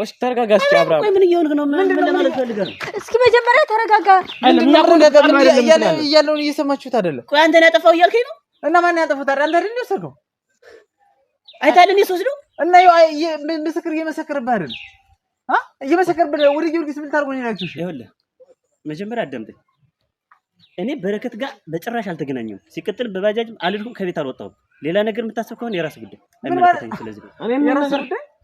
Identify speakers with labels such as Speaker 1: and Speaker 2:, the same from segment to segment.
Speaker 1: ወሽ ተረጋጋ። እስኪ አብራ
Speaker 2: ምን እየሆንክ ነው? ምን ለማለት ፈልገህ ነው?
Speaker 3: እስኪ መጀመሪያ ተረጋጋ።
Speaker 1: እና እኮ ነገር ምን እያለውን እየሰማችሁት አይደለም?
Speaker 2: ቆይ አንተን ያጠፋው እያልከኝ ነው?
Speaker 1: እና ማን ያጠፋው ታዲያ? አንተ አይደል የወሰድከው?
Speaker 2: አይታልን ነው
Speaker 1: እና ምስክር እየመሰክርብህ አይደል? እየመሰክርብህ ወደ ጊዮርጊስ ምን ታርጎ ናችሁ?
Speaker 4: ይኸውልህ መጀመሪያ አዳምጠኝ። እኔ በረከት ጋር በጭራሽ አልተገናኘሁም። ሲቀጥል በባጃጅ አልሄድኩም፣ ከቤት አልወጣሁም። ሌላ ነገር የምታስብ ከሆነ የራስ ጉዳይ
Speaker 1: አይመለከተኝም። ስለዚህ ነው የራስ ጉዳይ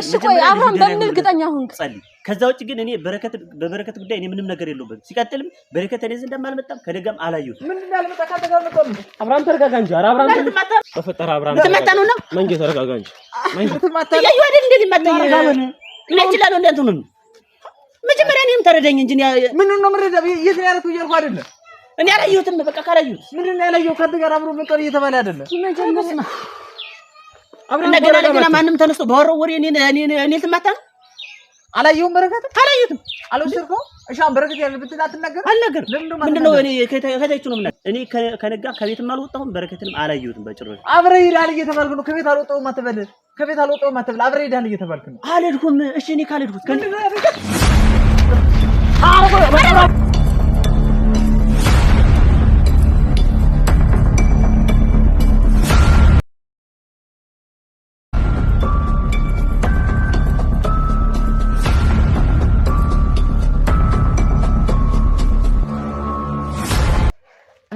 Speaker 3: እሺ ቆይ አብርሃም በምን እርግጠኛ ሆንክ?
Speaker 4: ጸልይ። ከዛ ውጭ ግን እኔ በረከት በበረከት ጉዳይ እኔ ምንም ነገር የለውበት። ሲቀጥልም በረከት እኔ ዘንድ አልመጣም፣ ከደጋም አላየሁት።
Speaker 2: ምን እንዳልመጣ ነው መጀመሪያ እኔም ተረዳኝ እንጂ
Speaker 1: ምን ነው የት ነው እያልኩ
Speaker 2: እኔ አላየሁትም። በቃ ካላየሁት
Speaker 1: ምንድን ነው ያላየሁት ከአንተ ጋር አብሮ መቀር እየተባለ
Speaker 2: እና ገና ለገና ማንም ተነስቶ ባወራው እኔ እኔ እኔ ልትማታ ነው።
Speaker 1: አላየሁም። በረከት አላየሁትም። አልወሰድከውም። እሺ አሁን በረከት ያለብትን አትናገርም።
Speaker 2: አልነገርም። ምንድን ነው እኔ ከተይቹ ነው የምናገር።
Speaker 4: እኔ ከነጋ ከቤትም አልወጣሁም፣ በረከትንም አላየሁትም በጭራሽ።
Speaker 1: አብረህ ሄዳል እየተባልክ ነው። ከቤት አልወጣሁም አትበል፣ ከቤት አልወጣሁም አትበል። አብረህ ሄዳል እየተባልክ ነው።
Speaker 2: አልሄድኩም። እሺ እኔ ካልሄድኩት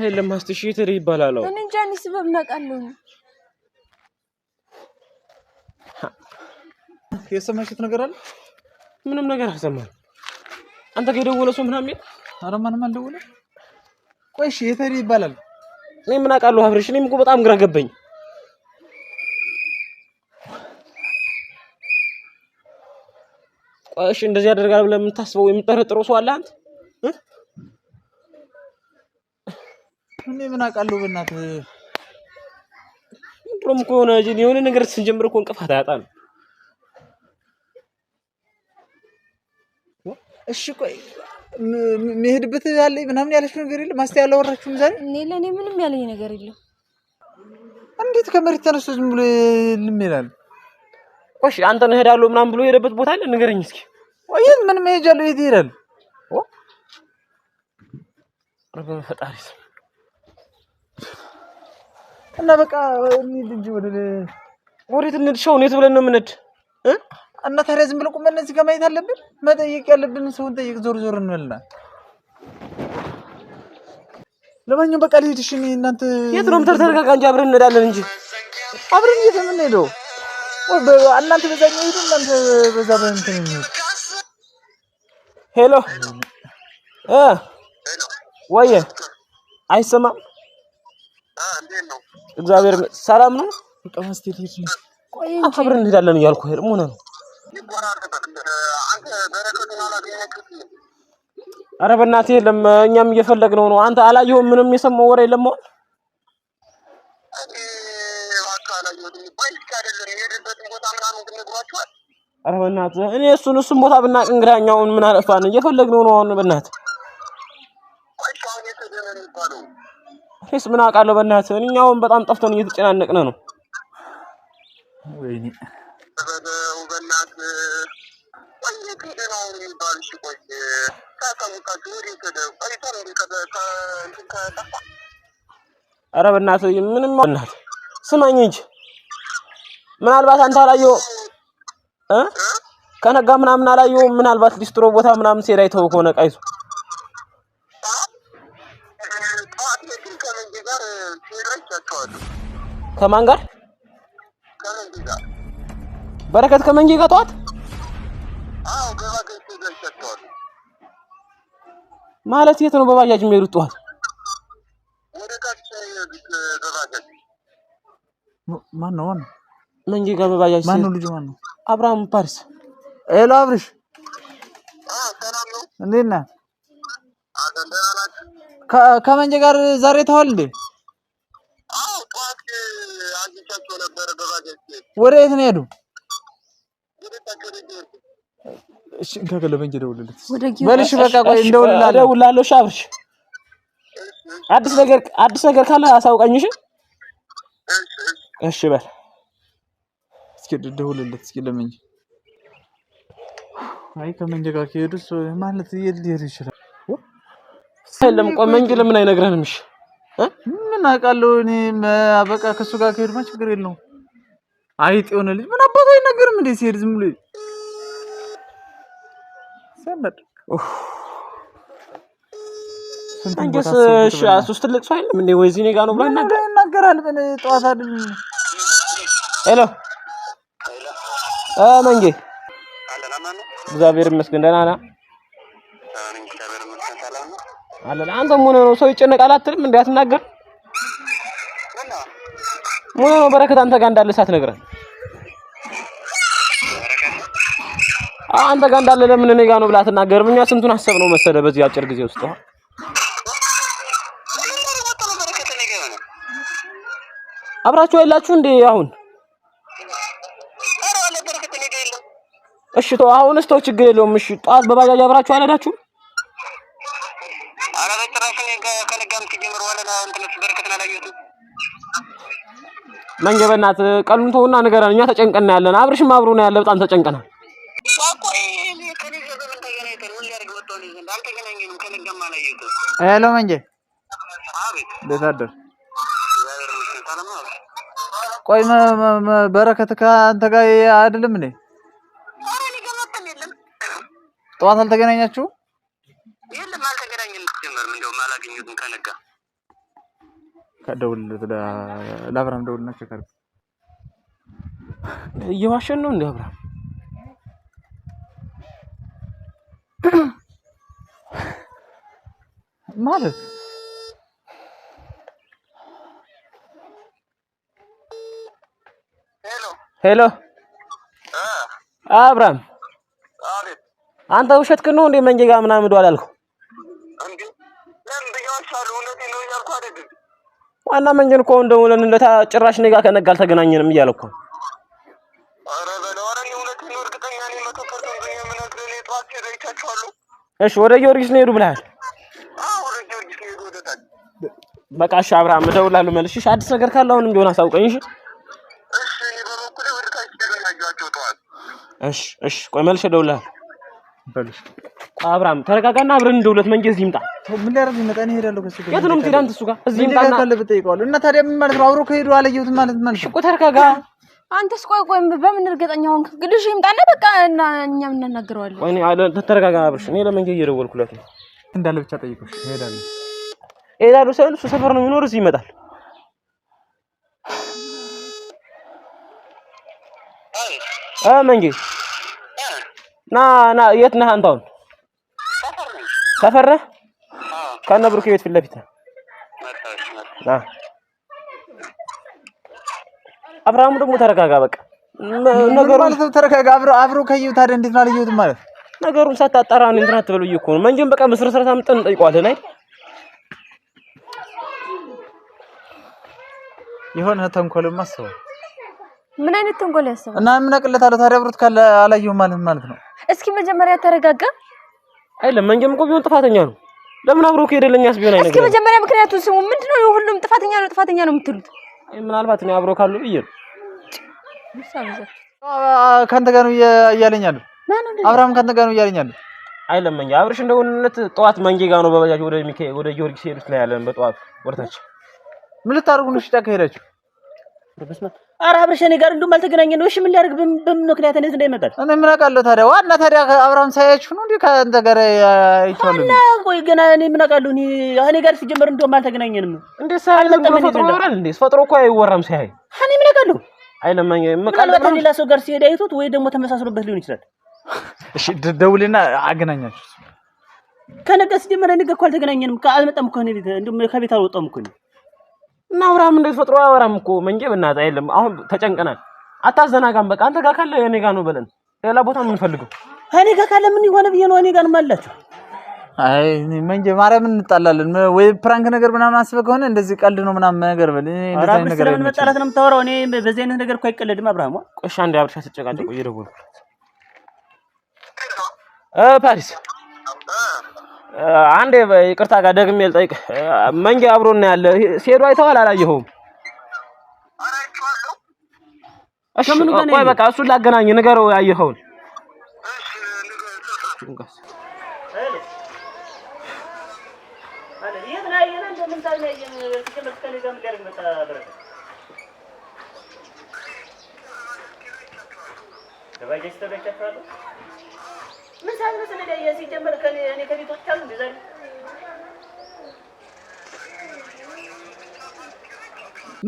Speaker 1: የለም አስር ሺህ ትሪ ይባላል።
Speaker 3: እኔ እንጃ እኔ ስበብ እናውቃለሁ።
Speaker 1: የሰማሽት ነገር አለ?
Speaker 4: ምንም ነገር አልሰማንም። አንተ ጋር የደወለ ሰው ምናምን የለም።
Speaker 1: ኧረ ማንም አልደወለም። ቆይ እሺ የተሪ ይባላል።
Speaker 4: እኔ ምን አውቃለሁ አብረሽ። እኔም እኮ በጣም ግራ ገባኝ። ቆይ እሺ እንደዚህ ያደርጋል ብለህ የምታስበው የምጠረጥረው ሰው አለ አንተ
Speaker 1: እኔ ምን አውቃለሁ በእናትህ።
Speaker 4: ድሮም እኮ የሆነ የሆነ ነገር ስንጀምር እኮ እንቅፋት አያጣም።
Speaker 2: እሺ ቆይ ምናምን ያለችው ነገር የለም። ማስቴ ያላወራችሁም ዛሬ እኔ
Speaker 3: ለእኔ ምንም ያለኝ ነገር የለም።
Speaker 1: እንዴት ከመሬት ተነስቶ ዝም ብሎ ልሜላል?
Speaker 4: እሺ አንተ እሄዳለሁ ምናምን ብሎ የሄደበት ቦታ አለ? ንገረኝ እስኪ።
Speaker 1: ወይስ ምን መሄጃለሁ? የት ይሄዳል? ፈጣሪ እና በቃ እንሂድ እንጂ ወደ
Speaker 4: ወዴት እንሂድ? ሸው የት ብለን ነው የምንሄድ?
Speaker 1: እና ታዲያ ዝም ብለን ቁመን እዚህ ጋር ማየት አለብን? መጠየቅ ያለብን ሰውን ጠይቅ፣ ዞር ዞር እንበልና ለማንኛውም በቃ ልሂድ። እሺ እናንተ
Speaker 4: የት ነው ተረጋጋ እንጂ አብረን እንሄዳለን እንጂ
Speaker 1: አብረን የት ነው የምንሄደው? እናንተ በዛኛው ሂዱ፣ እናንተ በዛ በእንትን እንሂድ።
Speaker 4: ሄሎ እ ወይዬ አይሰማም እግዚአብሔር ሰላም ነው።
Speaker 1: በጣም አስተት ይሄ
Speaker 4: ቆይ አብረን እንሄዳለን እያልኩ ምን ሆነ ነው?
Speaker 1: አረ በእናትህ የለም፣ እኛም እየፈለግነው ነው። አንተ አላየሁም፣ ምንም የሰማው ወሬ የለም። አረ በእናትህ እኔ እሱን እሱን ቦታ ብናቅ እንግዳኛውን ምን አለፋን? እየፈለግነው ነው አሁን በእናትህ እኔስ ምን አውቃለሁ በእናትህ። እኛውን በጣም ጠፍቶን እየተጨናነቅን ነው። ወይኔ ኧረ በእናትህ ምንም በእናትህ ስማኝ እንጂ ምናልባት አንተ አላየሁም እ ከነጋ ምናምን አላየሁም። ምናልባት ሊስትሮ ቦታ ምናምን ሴዳይ ተው ከሆነ ቃይሱ አይቻቸዋለሁ። ከማን ጋር? ጋር። በረከት ከመንጌ ጋር ጠዋት?
Speaker 5: አዎ፣ በባጃጅ አይቻቸዋለሁ።
Speaker 1: ማለት የት ነው በባጃጅ የሚሄዱት ጠዋት?
Speaker 5: ወደ ታች በባጃጅ
Speaker 1: ማን ነው?
Speaker 4: ማን ጋር በባጃጅ
Speaker 1: ማን ነው? ልጁ ማን ነው?
Speaker 4: አብርሃም ፓሪስ።
Speaker 1: ሄሎ አብርሽ፣ እንዴት ነህ? ከመንጀ ጋር ዛሬ ተዋል እንዴ? ወደ የት ነው ሄዱ? እሺ ደውልለት በቃ ቆይ
Speaker 4: አብርሽ አዲስ ነገር አዲስ ነገር ካለ አሳውቀኝ። እሺ እሺ በል
Speaker 1: እስኪ ደውልለት እስኪ ለመኝ። አይ ከመንጀ ጋር ከሄዱስ ማለት የት ይችላል?
Speaker 4: የለም ቆይ መንጀ ለምን አይነግረንም? እሺ
Speaker 1: ምን አውቃለሁ እኔ በቃ ከእሱ ጋር ከሄዱማ ችግር የለውም። አይጥ የሆነ ልጅ ምን አባቱ አይነገርም እንዴ? ሲሄድ ዝም ብሎ ሰነድ
Speaker 4: እንዴስ ሶስት ትልቅ ሰው አይደለም እንዴ? ወይ እዚህ ጋር ነው ብላ
Speaker 1: ይናገራል። ምን ጠዋት አይደል? ሄሎ አ መንጌ፣ እግዚአብሔር ይመስገን ደህና ነህ? አለ አንተ ምን ነው ሰው ይጨነቃል አትልም እንዴ? አትናገርም ሙሉ ነው። በረከት አንተ ጋር እንዳለ ሳትነግረን አንተ ጋር እንዳለ ለምን እኔ ጋር ነው ብላ አትናገርም? እኛ ስንቱን አሰብ ነው መሰለ በዚህ አጭር ጊዜ ውስጥ አብራችሁ ያላችሁ እንዴ? አሁን እሺ ተው፣ አሁን እስቶ ችግር የለውም። እሺ ጠዋት በባጃጅ አብራችሁ አልሄዳችሁም? መንገበናት ቀሉን ተውና ንገረን። እኛ ተጨንቀና ያለን አብርሽም አብሮ ነው ያለ። በጣም ተጨንቀና ሄሎ መንጀ ደታደር ቆይ በረከት ከአንተ ጋር አይደለም እንዴ? ጠዋት አልተገናኛችሁ?
Speaker 5: የለም አልተገናኘንም። ጀመር እንደውም አላገኘሁትም ከነጋ
Speaker 1: ደውልለት ለአብርሃም ደውልና ቼክ አድርግ።
Speaker 4: እየዋሸን ነው እንደ አብርሃም ማለት
Speaker 1: ሄሎ አብርሃም፣ አንተ ውሸት ክኖ እንዴ መንጌ ጋር ምናምን ሄዷል አልኩህ። አላመንጀን እኮ እንደው ለታ ጭራሽ እኔ ጋር ከነጋ አልተገናኘንም እያለ እኮ እሺ፣ ወደ ጊዮርጊስ ነው ሄዱ ብለሃል። በቃ እሺ፣ አብርሃም እደውላለሁ መልሼ። አዲስ ነገር ካለ አሁንም ቢሆን አሳውቀኝ። እሺ፣ እሺ፣ እሺ። ቆይ መልሼ እደውላለሁ። በልሽ አብራም ተረጋጋና፣ አብረን እንደ ሁለት መንጀ እዚህ ይምጣ።
Speaker 4: ምን ሊያደርግ ይመጣ? እኔ እሄዳለሁ ከሱ ጋር።
Speaker 1: የት ነው የምትሄድ አንተ? እሱ ጋር
Speaker 4: እዚህ ይምጣና እና ታዲያ ምን ማለት ነው? አብሮ ከሄዱ አለየሁት ማለት ማለት ነው
Speaker 2: እኮ። ተረጋጋ
Speaker 3: አንተስ። ቆይ ቆይ፣ በምን እርግጠኛ ሆንክ? ግድሽ ይምጣና በቃ እና እኛ ምን እናናግረዋለን። ቆይ
Speaker 1: እኔ ተረጋጋ አብርሽ። እኔ ለመንጀ እየደወልኩለት ነው
Speaker 4: እንዳለ ብቻ ጠይቁሽ። እሄዳለሁ
Speaker 1: እሄዳለሁ ሳይሆን እሱ ሰፈር ነው የሚኖር፣ እዚህ ይመጣል። አይ መንጀ ና ና፣ የት ነህ አንተ? አሁን ሰፈር ነህ? ከእነ ብሩክ ቤት ፊት ለፊት ነህ። አብርሃሙ ደግሞ ተረጋጋ። በቃ ነገሩ
Speaker 4: ማለት ተረጋጋ። አብሮ አብሮ ከዩ ታዲያ እንዴት ማለት ይሁት ማለት
Speaker 1: ነገሩን ሳታጣራ ነው እንትና አትበል እኮ ነው። መንጀም በቃ መስረት ስራት አምጥተን እንጠይቀዋለን አይደል? የሆነ ተንኮልም አስበው
Speaker 3: ምን አይነት ተንኮል ያሰባል?
Speaker 1: እና ምን አቅለታለሁ ታዲያ? አብሮት ካለ አላየሁም ማለት ማለት ነው።
Speaker 3: እስኪ መጀመሪያ ተረጋጋ።
Speaker 1: አይለም መንጀም እኮ ቢሆን ጥፋተኛ ነው። ለምን አብሮ ከሄደ ለኛስ ቢሆን አይነገር።
Speaker 3: እስኪ መጀመሪያ ምክንያቱን ስሙ። ምንድነው ሁሉም ጥፋተኛ ነው ጥፋተኛ ነው የምትሉት?
Speaker 1: አይ ምናልባት ነው አብሮ ካሉ ብዬ ነው። ከአንተ ጋር ነው እያለኛለሁ። አብርሃም ከአንተ ጋር ነው እያለኛለሁ። አይለም መንጀ አብርሽ እንደውነት ጠዋት መንጌ ጋር ነው በባጃጅ ወደ ሚካ ወደ ጊዮርጊስ ሄዱት ነው ያለን። በጠዋት ወርታች ምን ልታደርጉ ነው? ሽጫ ከሄዳችሁ
Speaker 2: አረ አብረሽ እኔ ጋር እንደውም አልተገናኘንም። እሺ ምን ሊያደርግ በምን ምክንያት እንዴት እንደሚመጣ እኔ
Speaker 1: ምን አውቃለሁ። ታዲያ ዋና ታዲያ አብርሃም ሳያችሁ ነው እንዴ? ከአንተ ጋር አይቻለሁ
Speaker 2: እና ቆይ ገና እኔ ምን አውቃለሁ። እኔ እኔ ጋር ሲጀምር እንደውም አልተገናኘንም።
Speaker 1: እንዴ ሳይል ፈጥሮ ይወራል እንዴ? ፈጥሮ እኮ አይወራም። ሳይ እኔ ምን አውቃለሁ። አይለማኝ
Speaker 2: ምናልባት ሌላ ሰው ጋር ሲሄድ አይቶት ወይ ደግሞ ተመሳስሎበት ሊሆን ይችላል።
Speaker 1: እሺ ደውልና አገናኛችሁ።
Speaker 2: ከነገ ሲጀመር ነገ እኮ አልተገናኘንም። አልመጣም እኮ እኔ ቤት እንደውም ከቤት አልወጣም እኮ እኔ
Speaker 1: እና አብርሃም እንደ ተፈጥሮ አወራም እኮ መንጀ በእናትህ አይደለም። አሁን ተጨንቀናል። አታዘናጋም። በቃ አንተ ጋር ካለ እኔ ጋር ነው በለን። ሌላ ቦታ ምን ፈልገው
Speaker 2: እኔ ጋር ካለ ምን ይሆነ ብዬ ነው እኔ ጋር ማላችሁ።
Speaker 1: አይ መንጀ ማርያምን እንጣላለን ወይ ፕራንክ ነገር ምናምን አስበህ ከሆነ እንደዚህ ቀልድ ነው ምናምን ነገር በል። እኔ
Speaker 2: እንደዚህ አይነት ነገር ነው መጣላት ነው የምታወራው። እኔ በዚህ አይነት ነገር እኮ አይቀለድም። አብርሃም
Speaker 1: ቆሻ እንደ አብርሻ ተጨቃጨቁ እየደወልኩ ፓሪስ አንዴ ይቅርታ ጋር ደግሜ ልጠይቅ። መንጌ አብሮ እና ያለ ሲሄዱ አይተዋል? አላየኸውም? ቆይ በቃ እሱን ላገናኝ፣ ንገረው ያየኸውን። እሺ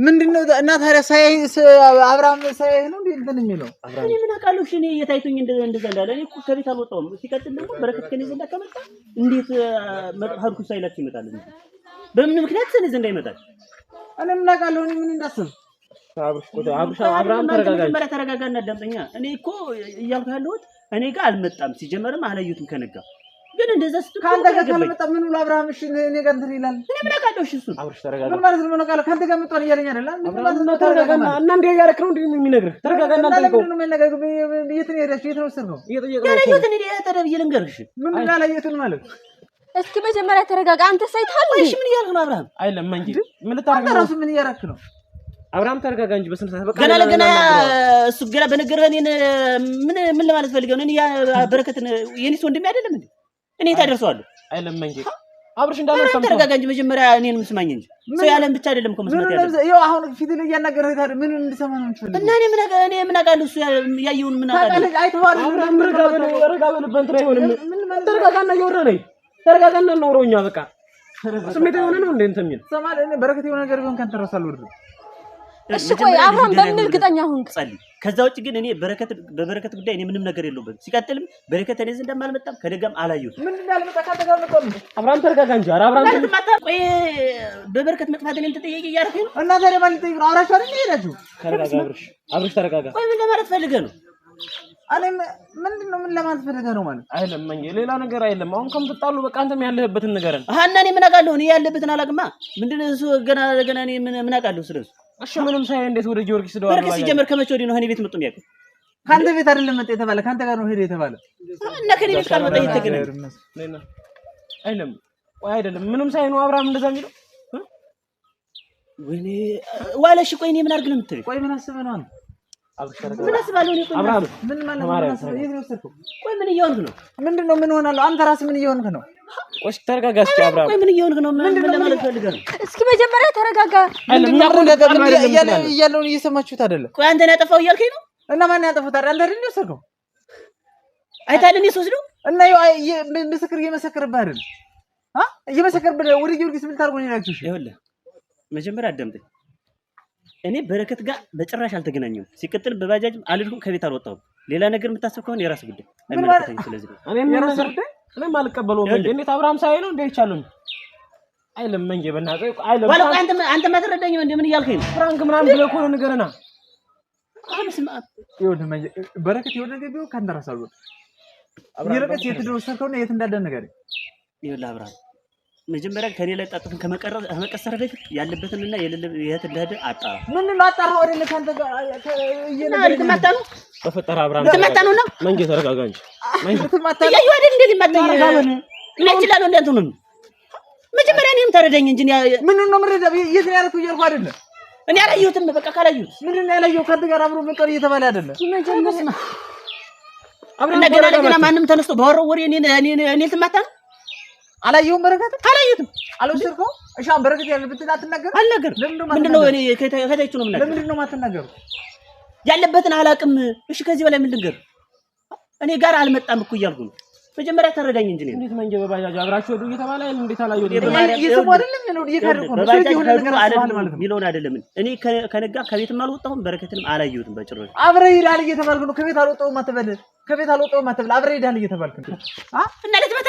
Speaker 1: ምንድነው እና ታዲያ ሳይህ አብርሃም ሳይህ ነው እንዴ እንትን የሚለው?
Speaker 2: እኔ ምን አውቃለሁ? እሺ እኔ የታይቶኝ እንደዛ እንዳለ እኔ እኮ ከቤት አልወጣሁም። ሲቀጥል ደግሞ በረከት ከኔ ዘንዳ ከመጣ እንዴት ሀድኩ ሳይላችሁ ይመጣል? በምን ምክንያት እኔ ዘንዳ ይመጣል?
Speaker 1: እኔ ምን አውቃለሁ? እኔ ምን እንዳስብ መጀመሪያ
Speaker 2: እኔ እኮ እያልኩ ያለሁት እኔ ጋር አልመጣም፣ ሲጀመርም አላየሁትም ከነጋ ግን እንደዛ ስትል
Speaker 1: ከአንተ ጋር ካልመጣ ምን ብሎ አብርሃም እሺ እኔ ጋር እንትን ይላል? እኔ
Speaker 2: ምን አውቃለሁ? እሺ እሱን አብርሽ
Speaker 1: ተረጋጋ። ምን ማለት ነው? ምን አውቃለሁ? ከአንተ ጋር እያለኝ አይደል? ተረጋጋ እና እንደ እያደረክ ነው እንደ የሚነግርህ ተረጋጋ እና የት ነው የሄዳችሁ? የት ነው ልንገርሽ ምን ማለት
Speaker 3: እስኪ መጀመሪያ ተረጋጋ። አንተ ሳይታል ምን
Speaker 2: እያልክ ነው አብርሃም?
Speaker 1: አይለም እንጂ ምን ልታረግ ነው?
Speaker 2: ራሱ ምን እያደረክ ነው?
Speaker 1: አብርሃም ተረጋጋ እንጂ በስነ ስርዓት
Speaker 2: ገና ለገና እሱ ገና በነገር እኔን ምን ምን ለማለት ፈልገው ነው? ያ በረከትን የኔስ ወንድሜ አይደለም እንዴ? እኔ ታደርሰዋለሁ አይለም እንጂ አብርሽ እንዳለ ሰምቶ ተረጋጋ እንጂ መጀመሪያ እኔንም ስማኝ እንጂ ሰው ያለም ብቻ አይደለም እኮ መስማት
Speaker 1: ያለው። ይኸው አሁን ፊት ላይ እያናገርህ ታዲያ ምን እንድሰማ ነው እንጂ
Speaker 2: እና እኔ ምን አቀ እኔ ምን አውቃለሁ? እሱ ያየውን ምን
Speaker 3: አውቃለሁ? አይተዋል።
Speaker 1: ረጋ በል ረጋ በል በእንትን አይሆንም። ተረጋጋና እያወራህ ነኝ። ተረጋጋና እናውረውኛ በቃ ስሜት የሆነ ነው እንደ እንትን የሚል ሰማል። በረከት የሆነ ነገር ቢሆን ከንተረሳል ወድነው
Speaker 3: እሺ ቆይ አብርሃም በምን እርግጠኛ ሁን? ጸልይ።
Speaker 4: ከዛ ውጭ ግን እኔ በረከት በበረከት ጉዳይ እኔ ምንም ነገር የለውበት። ሲቀጥልም በረከት እኔ ዘንድ አልመጣም፣ ከደጋም አላየሁት። ምን
Speaker 2: ነው ያልመጣ? ካንተ ነው ቆም።
Speaker 1: አብርሃም ተረጋጋ እንጂ። ኧረ አብርሃም
Speaker 2: ተረጋጋ። ቆይ በበረከት መጥፋት እኔም ተጠያቂ እያደረኩኝ ነው። እና
Speaker 1: ዛሬ ማን ይጠይቅ ነው? አውራሽ አይደል? ይሄዳችሁ። ተረጋጋ አብርሽ፣ አብርሽ ተረጋጋ። ቆይ
Speaker 2: ምን ለማለት ፈልገህ ነው?
Speaker 1: አለም ምንድን ነው ምን ለማለት ፈልገህ ነው? ማለት አይለመኝ ሌላ ነገር አይለም። አሁን ከምትጣሉ በቃ አንተም ያለህበትን ነገር አሀ
Speaker 2: እና እኔ ምን አውቃለሁ? እኔ ያለህበትን አላውቅማ። ምንድን እሱ ገና ገና እኔ ምን አውቃለሁ ስለሱ? እሺ
Speaker 1: ምንም ሳይ እንዴት ወደ ጊዮርጊስ ማለት ወርቅ
Speaker 2: ሲጀመር ከመቼ ወዲህ ነው እኔ ቤት መጥቶ የሚያውቀው?
Speaker 1: ከአንተ ቤት አይደለም መጣ የተባለ ከአንተ ጋር ነው ሄደ የተባለ
Speaker 2: እና ከኔ ቤት ጋር ካልመጣ ይተገናኝ
Speaker 1: አይለም ወይ አይደለም። ምንም ሳይ ነው አብርሃም እንደዛ የሚለው
Speaker 2: ወይኔ ዋለሽ። ቆይ እኔ ምን አድርግ ነው የምትለኝ? ቆይ
Speaker 1: ምን አስበህ ነው አንተ ምን አስባለሁ? ምን ማለት ምን እየሆንክ ነው? ምንድን ነው? ምን ሆናለሁ? አንተ ራስ ምን እየሆንክ ነው? ቆይ ተረጋጋ እስኪ አብራም።
Speaker 2: ምን እየሆንክ ነው? ምን ለማለት ፈልገህ ነው?
Speaker 3: እስኪ መጀመሪያ ተረጋጋ።
Speaker 1: እያለውን እየሰማችሁት አይደለም? ቆይ
Speaker 2: አንተ ነህ ያጠፋው እያልከኝ ነው? እና
Speaker 1: ማን ያጠፋው ታዲያ? አንተ አይደል የወሰድከው?
Speaker 2: አይታልን የወሰድከው? እና
Speaker 1: ምስክር እየመሰክርብህ አይደል? እየመሰክርብህ ወደ ጊዮርጊስ ምን ታርጎ ነው ያላችሁ? ይኸውልህ
Speaker 4: መጀመሪያ አዳምጠኝ እኔ በረከት ጋር በጭራሽ አልተገናኘም። ሲቀጥል በባጃጅ አልሄድኩም፣ ከቤት አልወጣሁም። ሌላ ነገር የምታስብ ከሆነ የራስ ጉዳይ
Speaker 1: ስለዚህ አልቀበለውም። እንዴት አብርሃም ሳይ ነው
Speaker 2: አንተ እንደምን ነው? ፍራንክ
Speaker 1: ምናምን ብለህ እኮ ነው ንገረና። በረከት የሆነ ነገር ቢሆን ከአንተ ራስ አልወጣም። የት የት እንዳለ ነገር
Speaker 4: ይኸውልህ አብርሃም መጀመሪያ ከኔ ላይ ጣጥፍን ከመቀሰር በፊት ያለበትን እና የት እንደሄደ አጣራ። ምን
Speaker 1: ነው አጣራ? ወደ እነ ካንተ ጋር ልትመጣ ነው። በፈጠረ አብራ ልትመጣ ነው። መንጌ ተረጋጋ እንጂ
Speaker 2: ልትመጣ ያዩ አይደል? እንደዚህ መጣ ነው። እኔ እችላለሁ። እንደንቱንም መጀመሪያ እኔም ተረዳኝ እንጂ
Speaker 1: ምን ነው ምረዳ የት ነው ያልኩህ እያልኩህ አይደለም።
Speaker 2: እኔ አላየሁትም። በቃ ካላየሁት ምንድን
Speaker 1: ነው ያላየሁት? ከአንተ ጋር አብሮ መቀር እየተባለ አይደለም መጀመሪያ
Speaker 2: እና ገና ለገና ማንም ተነስቶ ባወራው ወሬ እኔ እኔ እኔ ልትመጣ ነው
Speaker 1: አላየሁም። በረከት አላየሁትም። አልወሰድከውም? እሺ፣ አሁን በረከት ያለበትን አትናገርም?
Speaker 2: አልናገርም። ምንድን ነው እኔ ከታይቹ ነው የምናገር። ለምንድን ነው የማትናገሩ? ያለበትን አላውቅም። እሺ፣ ከዚህ በላይ ምን ልንገር? እኔ ጋር አልመጣም እኮ እያልኩ ነው። መጀመሪያ ተረዳኝ እንጂ ነው። እንዴት
Speaker 1: መንጀ በባጃጅ አብራችሁ ወዱ እየተባለ አይደል? እንዴት አላየሁትም?
Speaker 2: እየሰሙ አይደለም ነው እየካደኩ ነው። ስለዚህ
Speaker 4: የሆነ ነገር አስባል ማለት ነው። ሚሊዮን አይደለም እኔ ከነጋ ከቤትም አልወጣሁም። በረከትንም አላየሁትም በጭራሽ።
Speaker 1: አብረህ ሄዳል እየተባልክ ነው። ከቤት አልወጣሁም አትበል። ከቤት አልወጣሁም አትበል። አብረህ ሄዳል እየተባልክ ነው። እና ልትመታ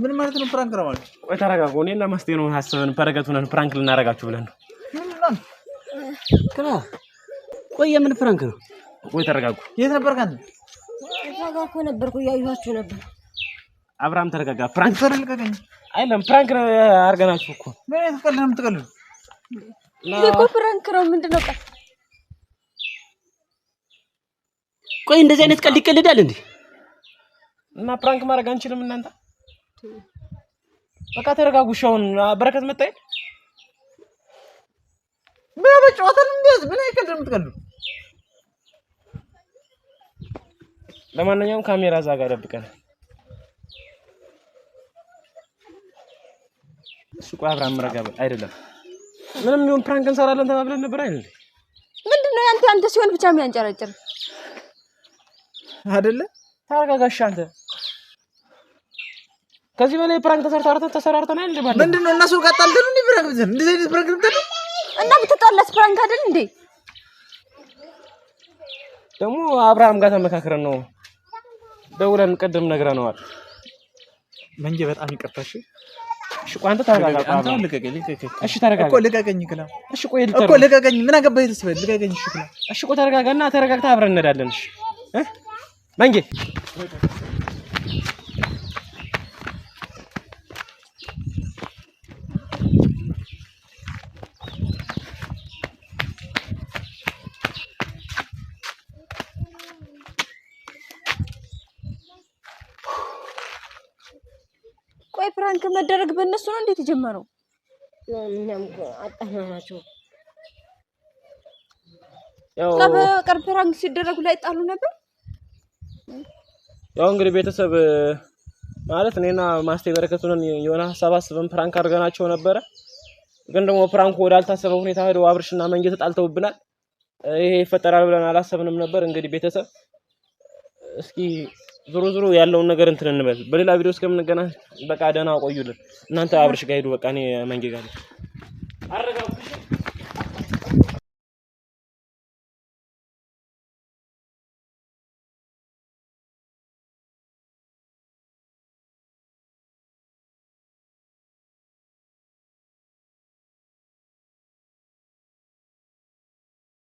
Speaker 1: ምን ማለት ነው? ፕራንክ ነው ማለት? ቆይ ተረጋጉ። እኔ እና ማስቴ ነው ሀሰብን በረገት ሆነን ፕራንክ ልናረጋችሁ ብለን ነው።
Speaker 2: ቆይ የምን ፕራንክ ነው?
Speaker 1: ቆይ ተረጋጉ። የት
Speaker 2: ነበር ካንተ?
Speaker 3: ተረጋጉ ነበርኩ፣ እያየኋችሁ ነበር።
Speaker 1: አብርሃም ተረጋጋ። ፕራንክ ተረጋጋኝ። አይለም ፕራንክ አርገናችሁ እኮ። ምን ይፈቀል ነው የምትቀልዱ?
Speaker 3: ለቆ ፕራንክ ነው ምንድነው? ቆይ
Speaker 2: ቆይ እንደዚህ አይነት ቀልድ ይቀልዳል እንዴ?
Speaker 1: እና ፕራንክ ማድረግ አንችልም እናንተ በቃ ተረጋጉሻውን በረከት መጣይ ምን አበጫወታል? እንደዚህ ምን አይቀልም የምትቀልዱ። ለማንኛውም ካሜራ እዛ ጋር ደብቀን እሱ ቆይ አብራም ረጋብ አይደለም ምንም ይሁን ፕራንክ እንሰራለን ተባብለን ነበር አይደል?
Speaker 3: ምንድነው ያንተ አንተ ሲሆን ብቻ የሚያንጨረጭር
Speaker 1: አይደለ? ታረጋጋሽ አንተ ከዚህ በላይ ፕራንክ ተሰርተው ተሰራርተናል። ምንድን ነው እነሱ ጋር ጣልተን እንዴ? ፕራንክ እንዴ ዘይት ፕራንክ ነው
Speaker 3: እና ብትጣላስ ፕራንክ አይደል እንዴ?
Speaker 1: ደግሞ አብርሃም ጋር ተመካክረን ነው ደውለን ቅድም ነግረነዋል። መንጀ በጣም ይቅርታሽ። እሺ ቆይ አንተ ተረጋጋ። ልቀቀኝ፣ ልቀቀኝ። እሺ ተረጋጋ እኮ ልቀቀኝ። ክላ እሺ ቆይ ልቀቀኝ እኮ ልቀቀኝ። ምን አገባኝ ተስበል ልቀቀኝ። እሺ ክላ እሺ ቆይ ተረጋጋና ተረጋግተህ አብረን እንሄዳለን። እሺ መንጌ
Speaker 3: መደረግ በእነሱ ነው እንዴት የጀመረው?
Speaker 2: አጣናናቸው።
Speaker 3: በቅርብ ፕራንክ ሲደረጉ ላይ ጣሉ ነበር።
Speaker 1: ያው እንግዲህ ቤተሰብ ማለት እኔና ማስቴ ነን የሆነ ሀሳብ አስበን ፕራንክ አድርገናቸው ነበረ። ግን ደግሞ ፕራንኩ አልታሰበ ሁኔታ ሄዶ አብርሽና መንጌ ተጣልተውብናል። ይሄ ይፈጠራል ብለን አላሰብንም ነበር። እንግዲህ ቤተሰብ እስኪ ዞሮ ዞሮ ያለውን ነገር እንትን እንበል። በሌላ ቪዲዮ እስከምንገናኝ በቃ ደህና ቆዩልን። እናንተ አብርሽ ጋር ሄዱ። በቃ እኔ መንጌ ጋር